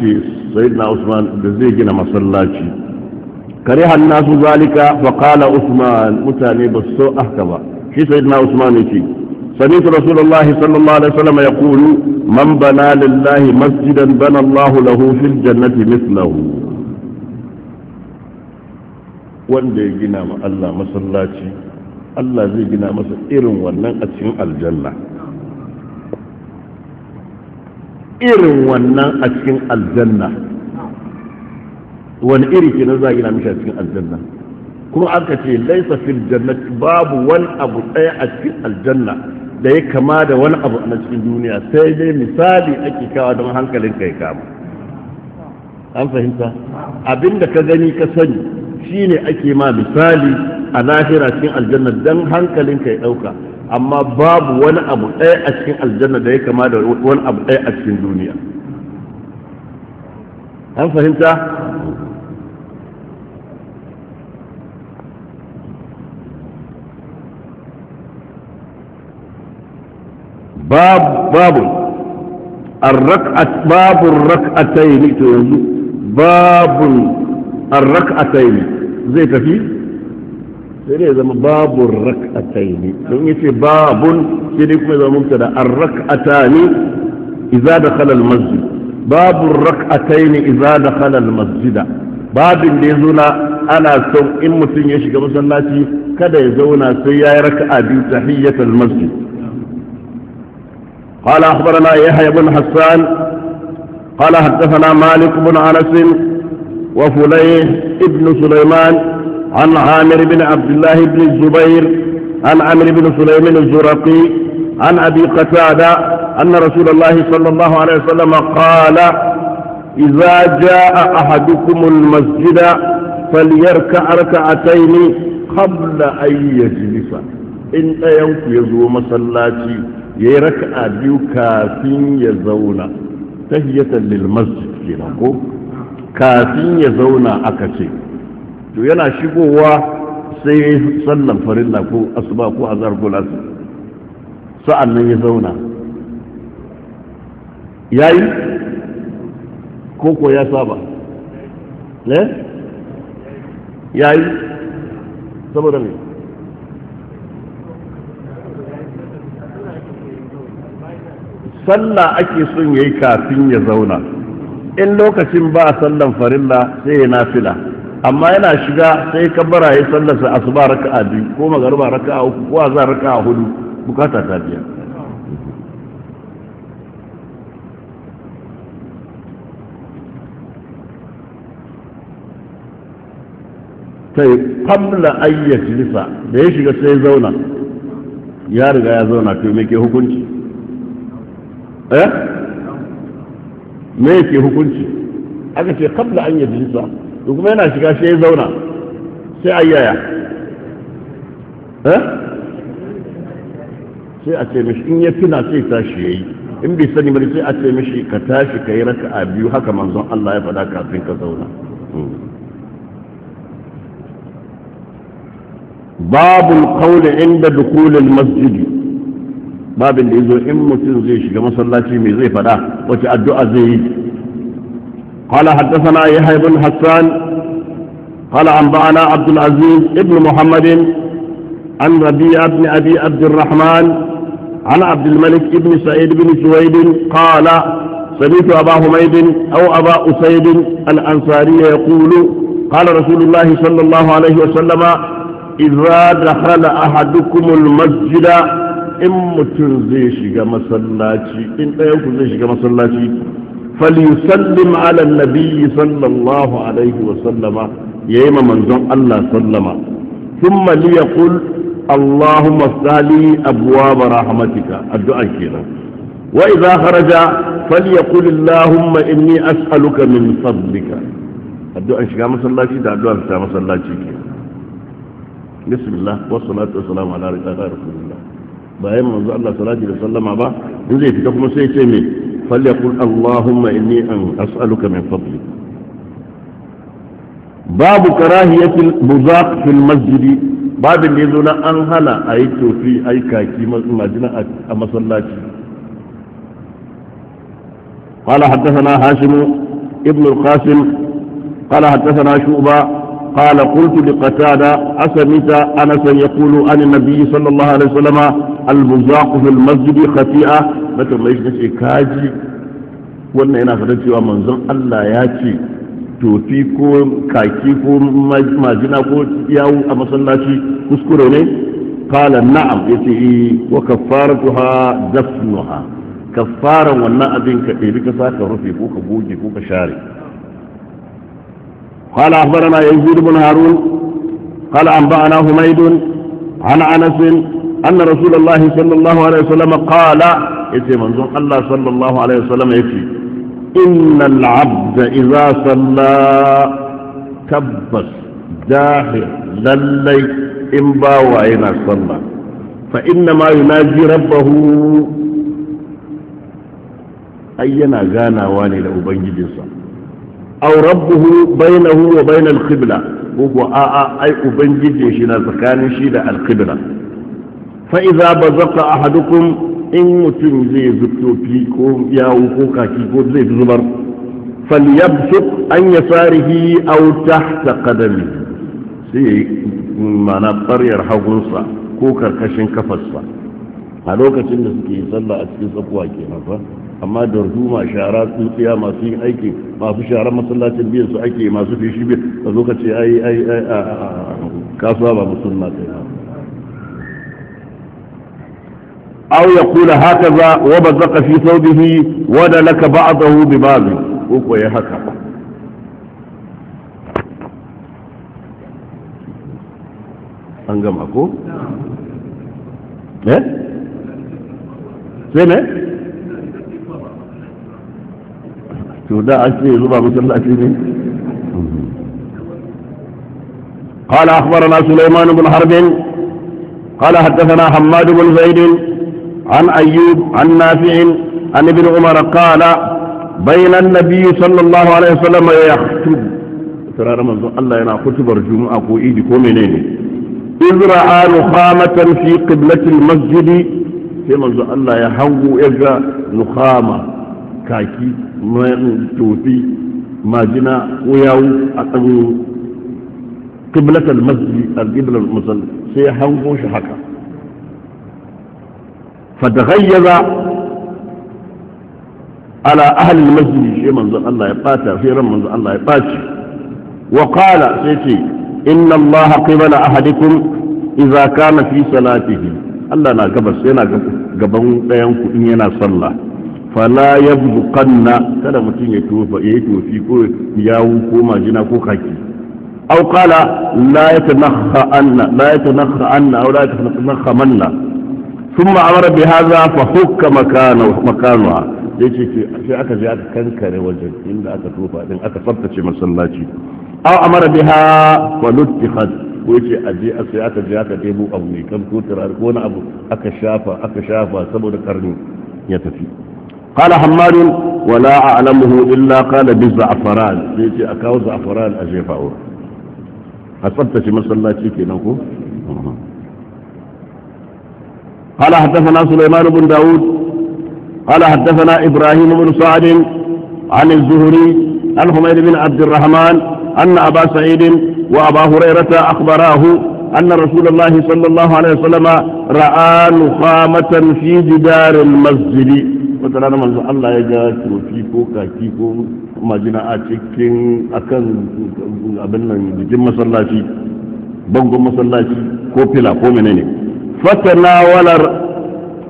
في سيدنا عثمان بزيجنا مصلاتي كره الناس ذلك فقال عثمان متاني بالسوء أهكبا شي سيدنا عثمان يجي سمعت رسول الله صلى الله عليه وسلم يقول من بنى لله مسجدا بنى الله له في الجنة مثله wanda ya gina ma Allah masallaci Allah zai gina masa irin wannan a cikin aljanna irin wannan a cikin aljanna wani iri ke na za gina mishi a cikin aljanna kuma aka ce laisa fil jannati babu wani abu ɗaya a cikin aljanna da ya kama da wani abu na cikin duniya sai dai misali ake kawo don hankalin kai kama an fahimta abinda ka gani ka sani shine ake ma misali a lahira cikin aljanna dan hankalinka ya dauka amma babu wani abu ɗaya a cikin aljanna da ya kama da wani abu ɗaya a cikin duniya an fahimta babu باب باب الركعة باب الركعتين باب الركعتين زي تفي سيري زم باب الركعتين لن يتي باب سيري كم إذا ممتدى الركعتان إذا دخل المسجد باب الركعتين إذا دخل المسجد باب اللي زولا أنا سوء إن متن يشك مسلاتي كده يزونا سيا ركعة تحية المسجد قال أخبرنا يحيى بن حسان قال حدثنا مالك بن أنس وفليه ابن سليمان عن عامر بن عبد الله بن الزبير عن عامر بن سليمان الزرقي عن أبي قتادة أن رسول الله صلى الله عليه وسلم قال إذا جاء أحدكم المسجد فليركع ركعتين قبل أن يجلس إن أيوك يزو صلاتي يركع بيو كافين يزونا تهية للمسجد كنا kafin ya zauna aka ce to yana shigowa sai sallan farilla ko asuba ko azhar ko lasu sa'an nan ya zauna yayi koko ya saba ne eh? yayi saboda ne sallah ake son yayi kafin ya zauna in lokacin ba a sallan farilla sai ya nafila amma yana shiga sai ka bara ya sallarsa asuba raka'a biyu ko magarba raka'a uku ko azan raka'a hudu bukata ta biya sai kamla ayyaci lisa da ya shiga sai zauna ya riga ya zauna to me ke hukunci eh me yake hukunci aka ce kabla an yi jinsa to kuma yana shiga shi ya zauna sai ayyaya eh sai a ce mishi in ya tuna sai tashi yi in bai sani bane sai a ce mishi ka tashi ka yi raka a biyu haka manzon Allah ya faɗa kafin ka zauna hmm. babu qawli inda dukhulil masjidi babin da yazo in mutum zai shiga masallaci mai zai fada wace addu'a zai yi قال حدثنا يحيى بن حسان قال أنبأنا عبد العزيز ابن محمد عن ربيع بن أبي عبد الرحمن عن عبد الملك ابن سعيد بن سويد قال سمعت أبا حميد أو أبا أسيد الأنصاري يقول قال رسول الله صلى الله عليه وسلم إذا دخل أحدكم المسجد in mutum zai shiga masallaci in ɗaya ku zai shiga masallaci falyusallim ala nabiyyi sallallahu alaihi wa sallama yayi ma manzon Allah sallama thumma liyaqul allahumma sali abwaab rahmatika addu'a kenan wa kharaja falyaqul allahumma inni as'aluka min fadlika addu'a shiga masallaci da addu'a masallaci kenan bismillah ala rasulillah ba ya manzo Allah sallallahu alaihi wasallama ba in zai fita kuma sai ce me falyakul allahumma inni an as'aluka min fadli babu karahiyatil buzaq fil masjidi babu da yazo na an hana yi tofi ayi kaki majina a masallaci قال حدثنا هاشم ابن القاسم قال حدثنا شعبه قال قلت لقتادة أسمت أنسا يقول عن النبي صلى الله عليه وسلم البزاق في المسجد خطيئة نتر ليش نشي كاجي wannan yana fata cewa manzon Allah ya ce tofi ko kaki ko majina ko yawu a masallaci kuskure ne kala na'am ya ce wa kaffaratuha dafnuha kaffaran wannan abin ka ɗebi ka sa ka rufe ko ka goge ko ka share قال أخبرنا يزيد بن هارون قال أنبأنا حميد عن أنس أن رسول الله صلى الله عليه وسلم قال إتي منظر الله صلى الله عليه وسلم يكفي إن العبد إذا صلى كبس داخل للي إن وإن صلى فإنما يناجي ربه أينا غانا واني لأبنجي صلى أو ربه بينه وبين القبلة وهو آآ أي أبنجد يشينا زكاني شيدا القبلة فإذا بزق أحدكم إن متن زي زبتو فيكم يا وقوكا كيكو زي زبر فليبسط أن يساره أو تحت قدمه سي ما نبطر يرحق نصا كوكر كشن كفصا هلوكا شنسكي صلى أسكي صفوا كي نصا amma da darduma shara tsintsiya masu yin aiki masu shara masallacin biyan su ake masu fishi biyan a zo a yi ai ai ai kasuwa ba musulma kai au ya kula haka za wa ba zaka fi sau wa da laka zahu bi ba ko ko ya haka an gama ko eh sai ne to da an ce قال أخبرنا سليمان بن حرب قال حدثنا حماد بن زيد عن أيوب عن نافع عن ابن عمر قال بين النبي صلى الله عليه وسلم يخطب ترى رمضان الله ينا خطب الجمعة وإيدكم منين إذ رأى نخامة في قبلة المسجد في منظر الله يحو إذا نخامة kaki tofi majina ko yawo a tsaro kiblatar masjid al-kiblar musul sai hango shi haka ya fadahayyaza ala ahalin masjid shi manzon Allah ya ɓata a ran manzon Allah ya ɓaci wa kala sai ce inna Allah a hadikun idza kana fi salatihi Allah na gabas yana gaban ɗayan ku yana sallah fala ya bukanna kada mutum ya tofa ya tofi ko yawu ko majina ko kaki aw qala la yatanakha anna la yatanakha anna aw la yatanakha manna thumma amara bi hadha fa hukka makana makanwa yace ce sai aka je aka kankare wajen inda aka tofa din aka tsaftace masallaci aw amara biha wa luttihat ko yace aje sai aka je aka debo abu ne kan ko turare ko wani abu aka shafa aka shafa saboda karni ya tafi قال حماد ولا أعلمه إلا قال بالزعفران بيتي أكاو زعفران أجيفه أصبت من صلاتي نقول قال حدثنا سليمان بن داود قال حدثنا إبراهيم بن سعد عن الزهري عن حميد بن عبد الرحمن أن أبا سعيد وأبا هريرة أخبراه أن رسول الله صلى الله عليه وسلم رأى نخامة في جدار المسجد wata rana manzo Allah ya ga kirofi ko kaki ko majina a cikin akan abin nan jikin masallaci bangon masallaci ko fila ko menene fatana walar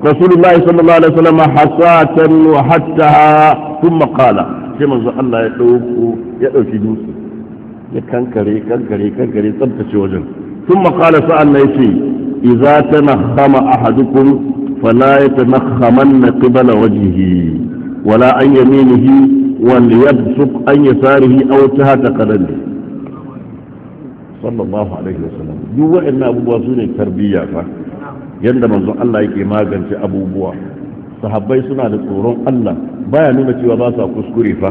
rasulullahi sallallahu alaihi wasallam hasatan wa hatta kuma qala sai manzo Allah ya dauko ya dauki dutse ya kankare kankare kankare tsabtace wajen kuma qala sa'an nan yace idza tanahama ahadukum فلا يتنخمن قبل وجهه ولا عن يمينه وليبصق عن يساره أو تهت قدمه صلى الله عليه وسلم duk waɗannan abubuwa su ne tarbiyya fa yadda manzon Allah yake magance abubuwa sahabbai suna da tsoron Allah baya nuna cewa ba sa kuskure fa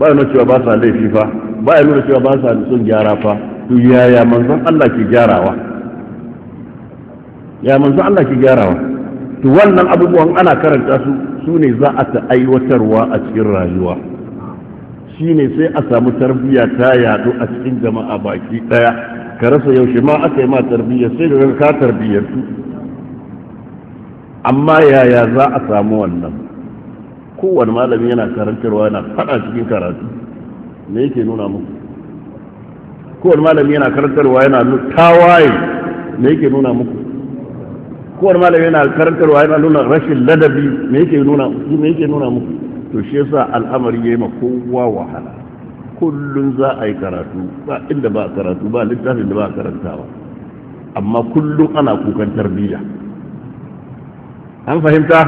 baya nuna cewa ba sa laifi fa baya nuna cewa ba sa son gyara fa to yaya manzon Allah ke Allah ke gyarawa to wannan abubuwan ana karanta su su ne za a ta aiwatarwa a cikin rayuwa shi ne sai a samu tarbiyya ta yadu a cikin jama'a baki daya ka rasa yaushe ma aka yi ma tarbiyya sai da ka tarbiyyar su amma yaya za a samu wannan kowane malami yana karantarwa yana fada cikin karatu me yake nuna muku kowane malami yana karantarwa yana tawaye me yake nuna muku kowar malami yana wa yana nuna rashin ladabi me yake nuna me yake nuna muku to shi yasa al'amari yayi ma kowa wahala kullun za a yi karatu ba inda ba karatu ba littafin da ba karantawa amma kullun ana kukan tarbiyya an fahimta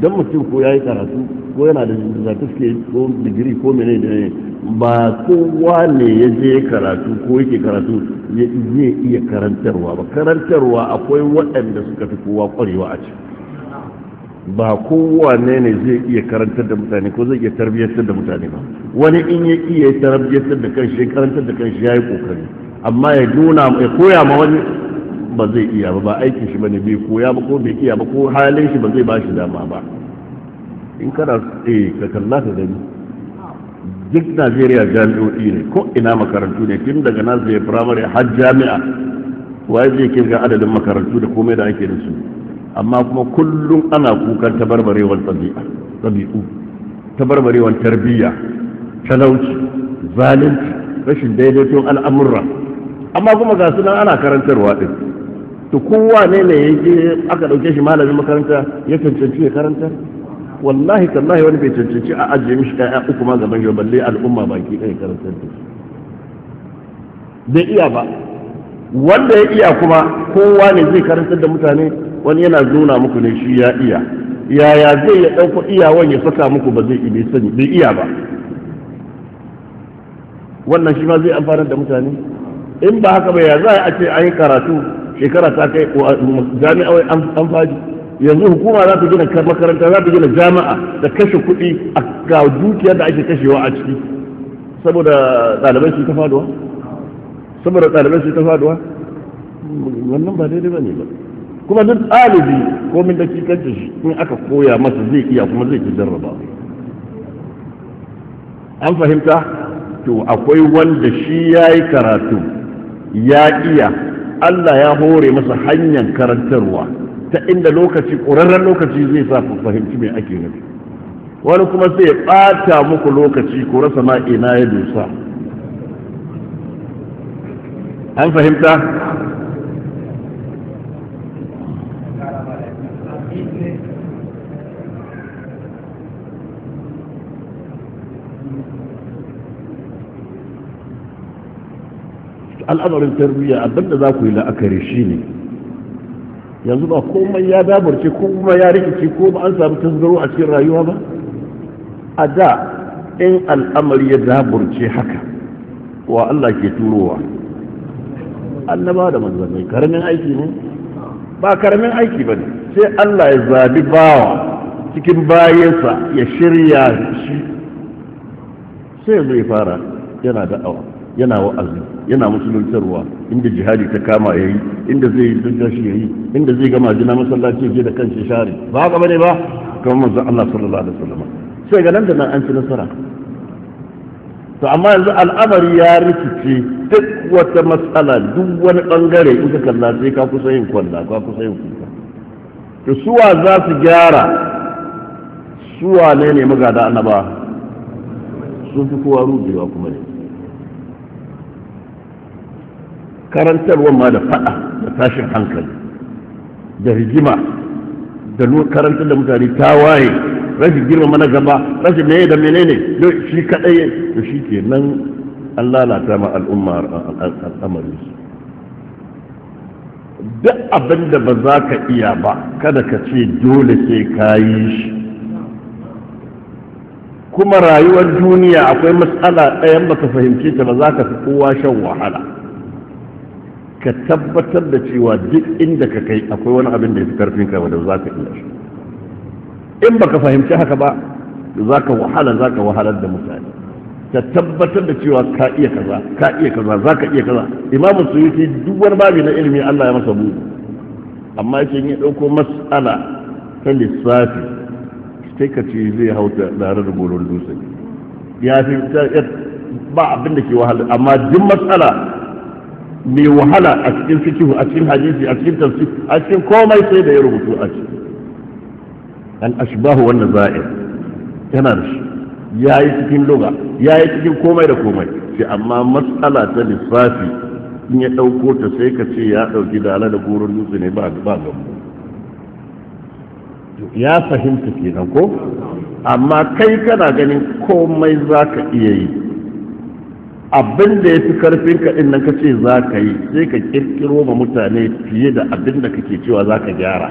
don mutum ko ya yi karatu ko yana da certificate ko digiri ko mene da ne ba kowa ne ya je karatu ko yake karatu zai iya karantarwa ba karantarwa akwai waɗanda suka fi kowa ƙwarewa a ciki ba kowa ne zai iya karantar da mutane ko zai iya tarbiyyar da mutane ba wani in ya iya tarbiyyar da kanshi karantar da kanshi ya yi kokari amma ya nuna ya koya ma wani ba zai iya ba ba aikin shi bane bai koya ba ko bai iya ba ko halin shi ba zai ba shi dama ba in kana eh ka kalla ka gani duk Najeriya jami'o'i ne ko ina makarantu ne tun daga Najeriya primary har jami'a waye zai ga adadin makarantu da komai da ake da su amma kuma kullum ana kukan tabarbarewar tabi'a tabi'u tabarbarewar tarbiyya talauci zalunci rashin daidaiton al'amurra amma kuma ga sunan ana karantarwa din to kowa ne ne je aka dauke shi malamin makaranta ya cancanci ya karanta wallahi tallahi wani bai cancanci a ajiye mishi kaya uku ma gaban yau balle al'umma baki ɗaya karanta da bai iya ba wanda ya iya kuma kowa ne zai karantar da mutane wani yana nuna muku ne shi ya iya yaya zai ya ɗauko iyawan ya saka muku ba zai iya sani bai iya ba wannan shi ma zai amfanar da mutane in ba haka ba ya za a ce an yi karatu shekara ta kai jami'a an faji yanzu hukuma za ta gina makaranta za ta gina jami'a da kashe kuɗi a ga dukiya da ake kashewa a ciki saboda ɗalibai su ta faduwa saboda ɗalibai su ta faduwa wannan ba daidai ba ne ba kuma duk ɗalibi ko min da kikanta shi in aka koya masa zai iya kuma zai ki jarraba an fahimta to akwai wanda shi ya yi karatu ya iya Allah ya hore masa hanyar karantarwa ta inda lokaci ƙurarren lokaci zai sa ku fahimci mai ake nufi wani kuma sai ya ɓata muku lokaci ku rasa ma ya dosa an fahimta al'amarin tarbiyya abin da za ku yi la'akari shi ne yanzu ba komai ya damarci, ko kuma ya rikici ko ba an samu tasgaro a cikin rayuwa ba a da in al'amari ya damarci haka wa Allah ke turowa annaba da manzannai karamin aiki ne ba karamin aiki ba ne sai Allah ya zabi bawa cikin bayansa ya shirya shi sai zai fara yana da'awa yana wa'azi yana musuluntarwa inda jihadi ta kama ya yi inda zai yi zai shi yi inda zai gama jina masallaci je da shi share ba ga bane ba kamar manzo Allah sallallahu alaihi wasallam sai ga nan da nan an ci nasara to amma yanzu al'amari ya rikice duk wata matsala duk wani bangare in ka kalla sai ka kusa yin kwalla ka kusa yin kuka to suwa za su gyara suwa ne ne magada annaba sun fi kowa rubewa kuma ne karantar ma da fada da tashin hankali da rigima da karantar da mutane ta waye rashin girmama na gaba rashin meye da menene don shi kadai da shi ke nan an lalata ma al'umma al'amari duk abin da ba za ka iya ba kada ka ce dole sai ka yi shi kuma rayuwar duniya akwai matsala ɗayan ba ka fahimce ta ba za ka fi kowa shan wahala ka tabbatar da cewa duk inda ka kai akwai wani abin da ya fi karfin ka wanda za ka iya shi in baka fahimci haka ba za ka wahala za ka wahalar da mutane ka tabbatar da cewa ka iya kaza ka iya kaza za ka iya kaza imamu suyuti duk wani babi na ilimi Allah ya masa bu amma ya yake ya dauko mas'ala ta lissafi sai ka ce zai hau tare da bolon dutse ya fi ba abin da ke wahala amma duk mas'ala mai wahala a cikin fikihu a cikin hadisi a cikin tafsir a cikin komai sai da ya rubutu a ciki an ashbahu wannan za'ir yana da shi yayi cikin ya yayi cikin komai da komai sai amma mas'ala ta lissafi in ya dauko ta sai ka ce ya dauki dala da gurin dutse ne ba ba ya fahimta kenan ko amma kai kana ganin komai zaka iya yi abin da ya fi karfin ka din nan ka ce za ka yi sai ka kirkiro ma mutane fiye da abin da kake cewa za ka gyara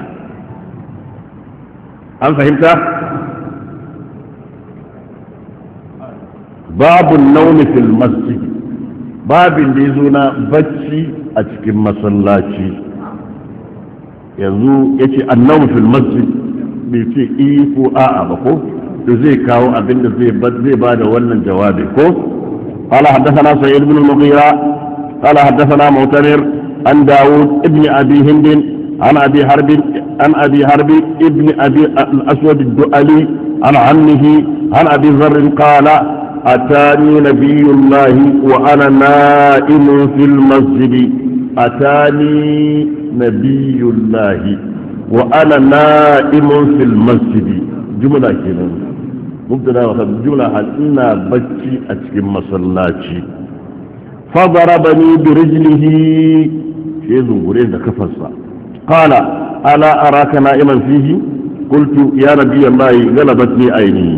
an fahimta babu naumi fil babin da ya zo na bacci a cikin masallaci yanzu ya ce annaumi fil masjid bai ce iya ko a'a ba ko da zai kawo abin da zai ba da wannan jawabi ko قال حدثنا سعيد بن المغيرة قال حدثنا معتمر عن داود ابن أبي هند عن أبي حرب عن أبي حرب ابن أبي الأسود الدؤلي عن عمه عن أبي ذر قال أتاني نبي الله وأنا نائم في المسجد أتاني نبي الله وأنا نائم في المسجد جملة كده مبتدا وخبر جملة هل إنا بكي أتكم مسلاتي فضربني برجله شيء زنقرين ده كفصة قال ألا أراك نائما فيه قلت يا نبي الله غلبتني عيني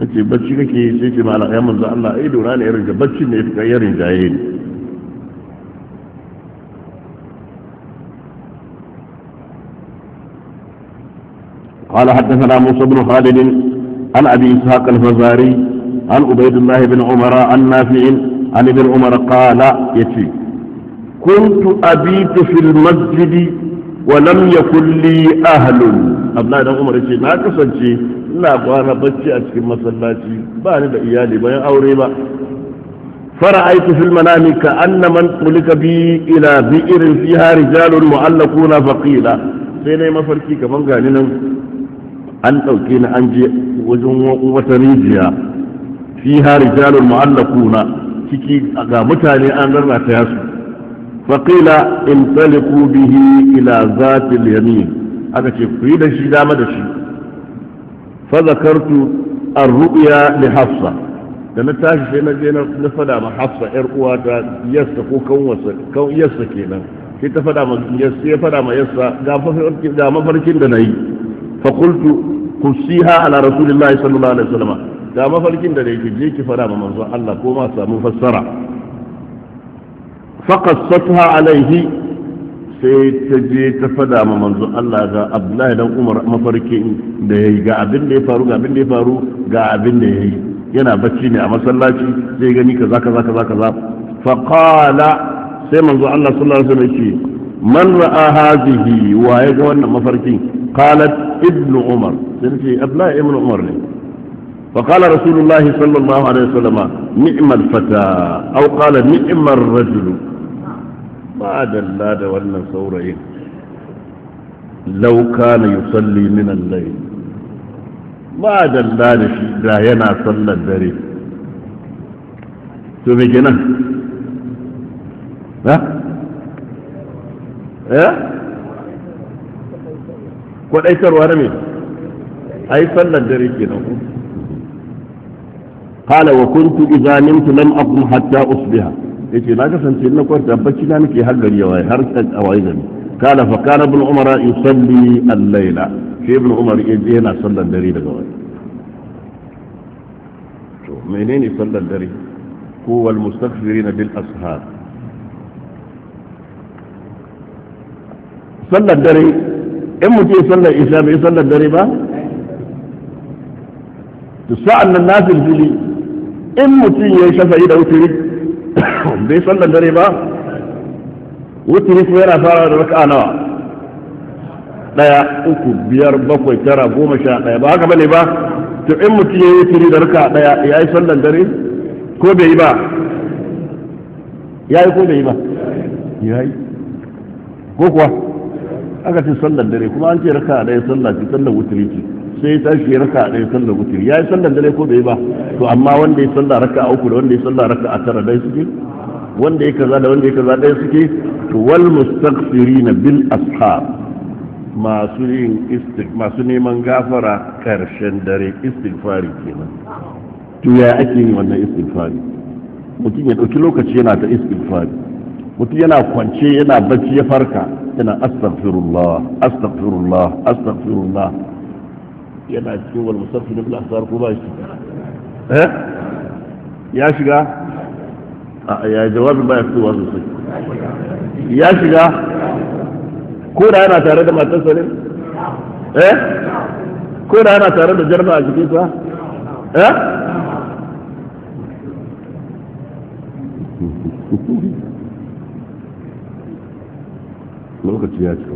nace بكي kake sai ce mala ya manzo الله ai dora ne ya rinja bacci ne ya ya قال حدثنا موسى بن خالد عن أبي إسحاق الفزاري عن عبيد الله بن عمر عن نافع عن ابن عمر قال يتي كنت أبيت في المسجد ولم يكن لي أهل أبناء بن عمر يتي ما كسنتي لا قوانا بجي أتكي مسلاتي باني بإيالي بيان أوري با فرأيت في المنام كأن من طلق بي إلى بئر فيها رجال معلقون فقيل sai na yi mafarki kamar gani nan an ɗauke ni an je wajen wata rijiya fi hari jalar mu'allakuna ciki ga mutane an rarrata ya su faƙila in taliku bihi ila zatil yamin aka ce ku yi da shi dama da shi fa zakartu ar-ru'ya li hafsa da na tashi sai na je na fada ma hafsa yar uwa ta yassa ko kanwarsa kan yassa kenan sai ta fada ma yassa ya fada ma yassa ga mafarkin da na yi fa qultu qusiha ala rasulillahi sallallahu alaihi wasallam da mafarkin da yake je ki fara ma manzo Allah ko ma samu fassara fa qassatha alaihi sai ta je ta fada ma manzo Allah ga Abdullahi dan Umar mafarkin da yayi ga abin da ya faru ga abin da ya faru ga abin da yayi yana bacci ne a masallaci sai gani kaza kaza kaza kaza fa sai manzo Allah sallallahu alaihi wasallam ce man ra'a hazihi wa ya ga wannan mafarkin qalat ibnu umar sai ce abdullahi ibnu umar ne فقال رسول الله صلى الله عليه وسلم نعم الفتى أو قال نعم الرجل بعد اللاد والنصورين لو كان يصلي من الليل بعد اللاد لا ينا صلى الدري تبجنا ها eh kwadaitarwa ne a yi sallar dare kenan ku Kala wa kuntu idza nimtu lam aqum hatta usbiha yace na kasance na kwanta bacci na nake har gari yawa har a waye gari kala fa kana ibn umara yusalli al laila. shi ibn umar yaje yana sallar dare daga waye to menene sallar dare ko wal mustaghfirina bil ashab sallar dare in mu ya sallar isha bai sallar dare ba to sa'an nan nafil fili in mutum ya shafa'i da wuturi bai sallar dare ba wuturi ko yana fara da raka'a nawa daya uku biyar bakwai tara goma sha daya ba haka bane ba to in mutum ya yi wuturi da raka'a daya ya yi sallar dare ko bai yi ba ya yi ko bai yi ba ya yi ko kuwa aka ce sallar dare kuma an ce raka ɗaya sallar ce sallar wuturi ce sai ya tashi ya raka ɗaya sallar wuturi ya yi sallar dare ko bai ba to amma wanda ya sallar raka uku da wanda ya sallar raka a tara ɗaya suke wanda ya kaza da wanda ya kaza ɗaya suke to wal na bil ashab masu yin istik masu neman gafara karshen dare istighfari kenan to ya ake yin wannan istighfari mutum ya ɗauki lokaci yana ta istighfari mutum yana kwance yana bacci ya farka yana astaghfirullah astaghfirullah astaghfirullah yana cikin wal musaffir bil asar ko ba shi eh ya shiga a ya jawabi ba ya fitowa sosai ya shiga ko da yana tare da matarsa ne eh ko da yana tare da jarma a sa eh lokaci ya cika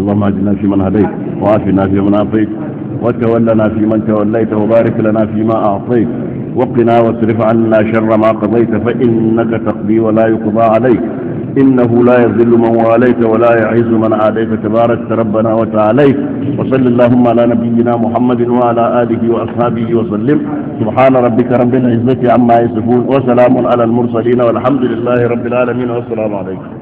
اللهم اللهم في فيمن هديت وعافنا فيمن عافيت وتولنا فيمن توليت وبارك لنا فيما اعطيت وقنا واصرف عنا شر ما قضيت فإنك تقضي ولا يقضى عليك إنه لا يذل من واليت ولا يعز من عاديت تبارك ربنا وتعاليت وصل اللهم على نبينا محمد وعلى آله وأصحابه وسلم سبحان ربك رب العزة عما يصفون وسلام على المرسلين والحمد لله رب العالمين والسلام عليكم